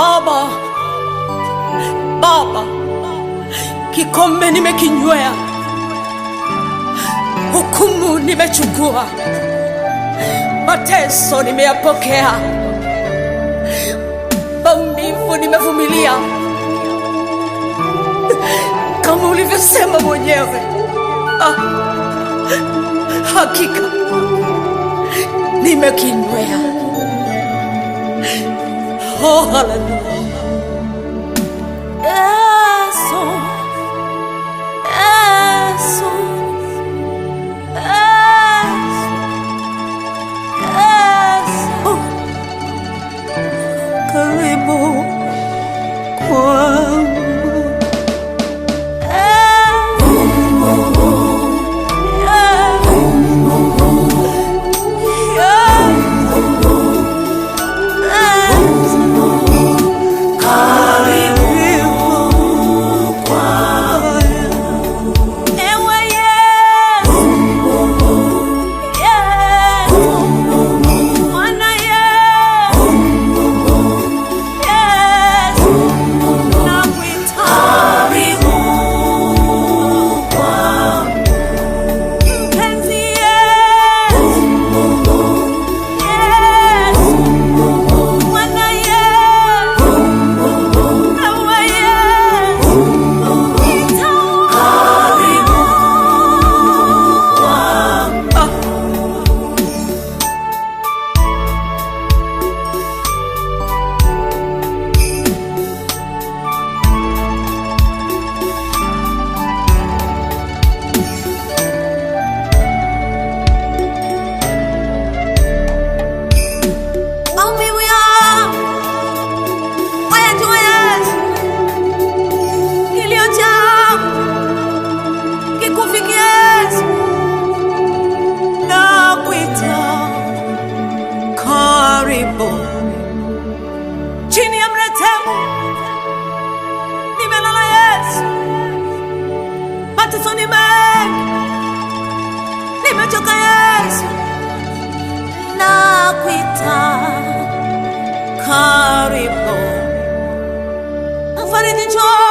Baba, Baba, kikombe nimekinywea, hukumu nimechukua, mateso nimeyapokea, maumivu nimevumilia, kama ulivyosema mwenyewe. Ah, hakika nimekinywea Oh, hallelujah. é Jesus. É, هر يبقى فرد جار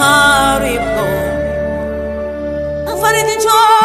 هر يبقى فرد جار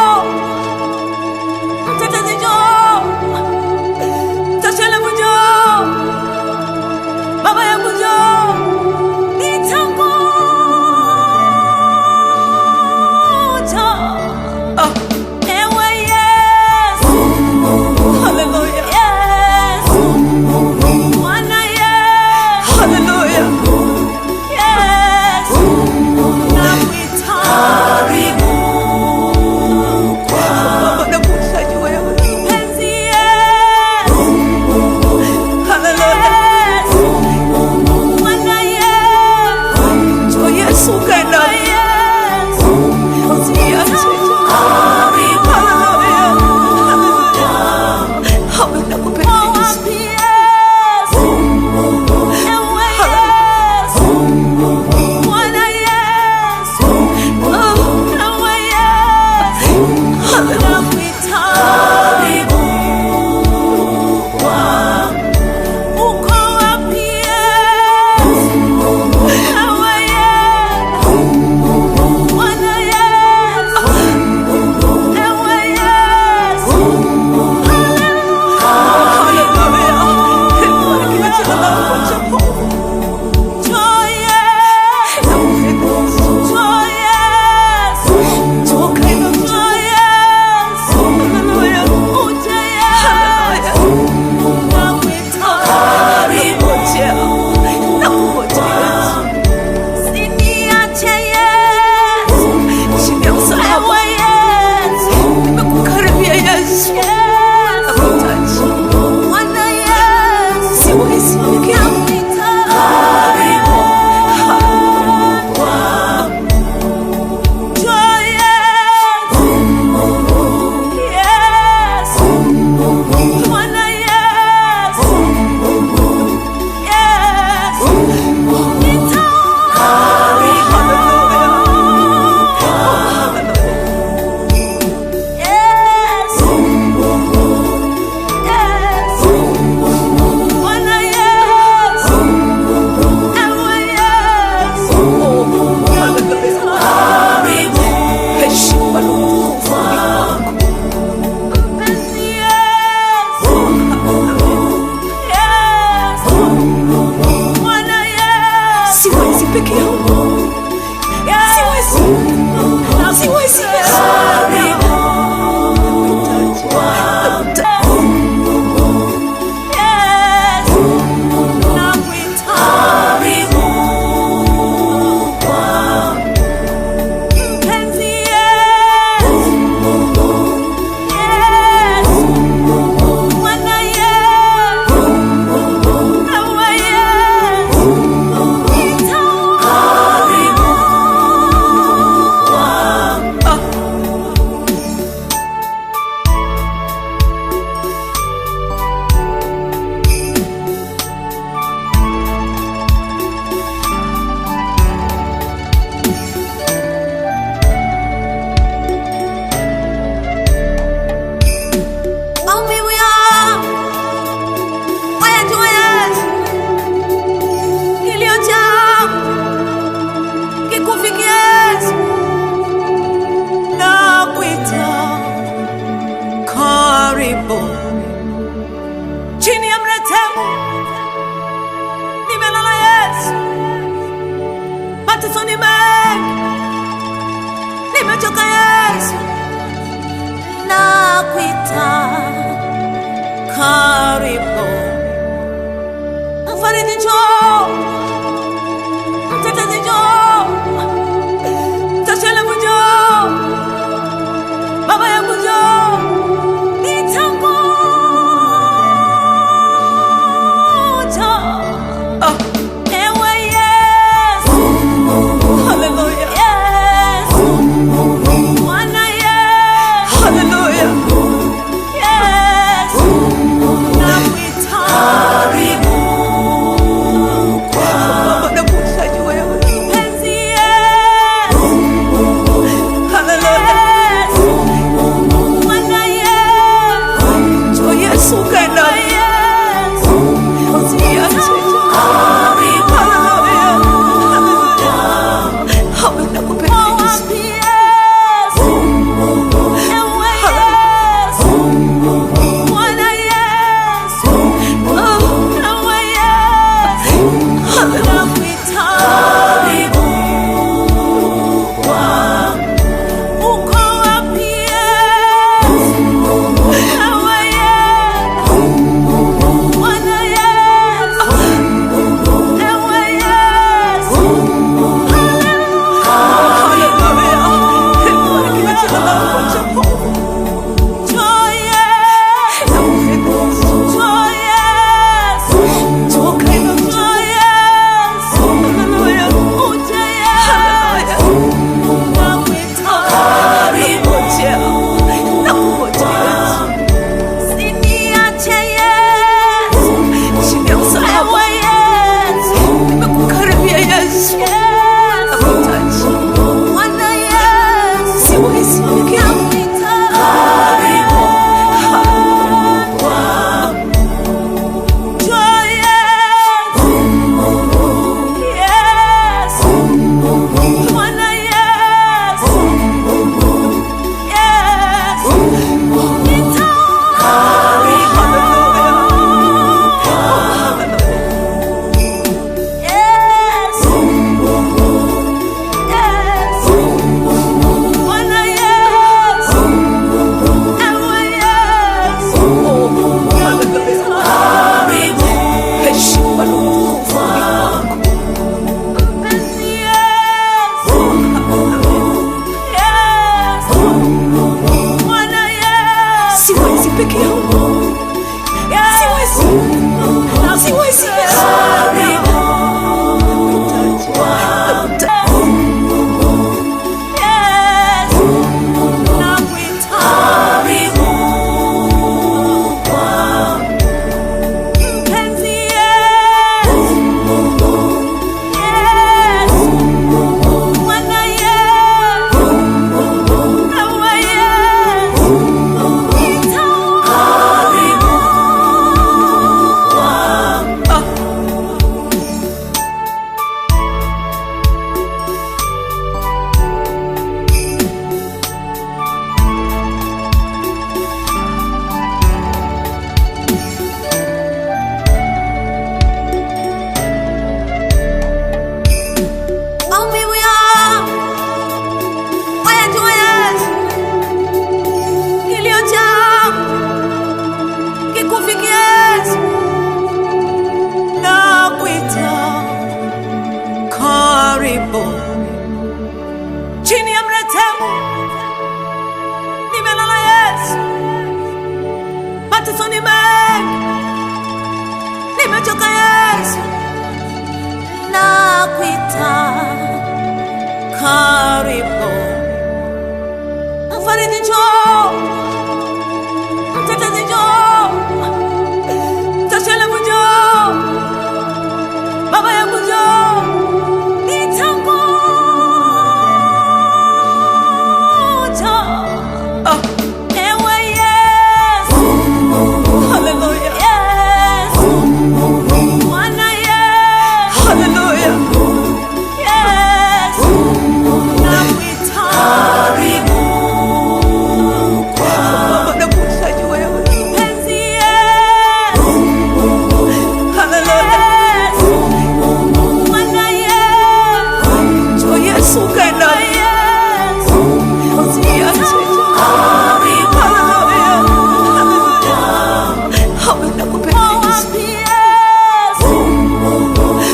করিব চিনি আমরা থেমু নিবেলা এস Attention ni meg Ni me choka yesu Na kwita Karibu Mfaridi choo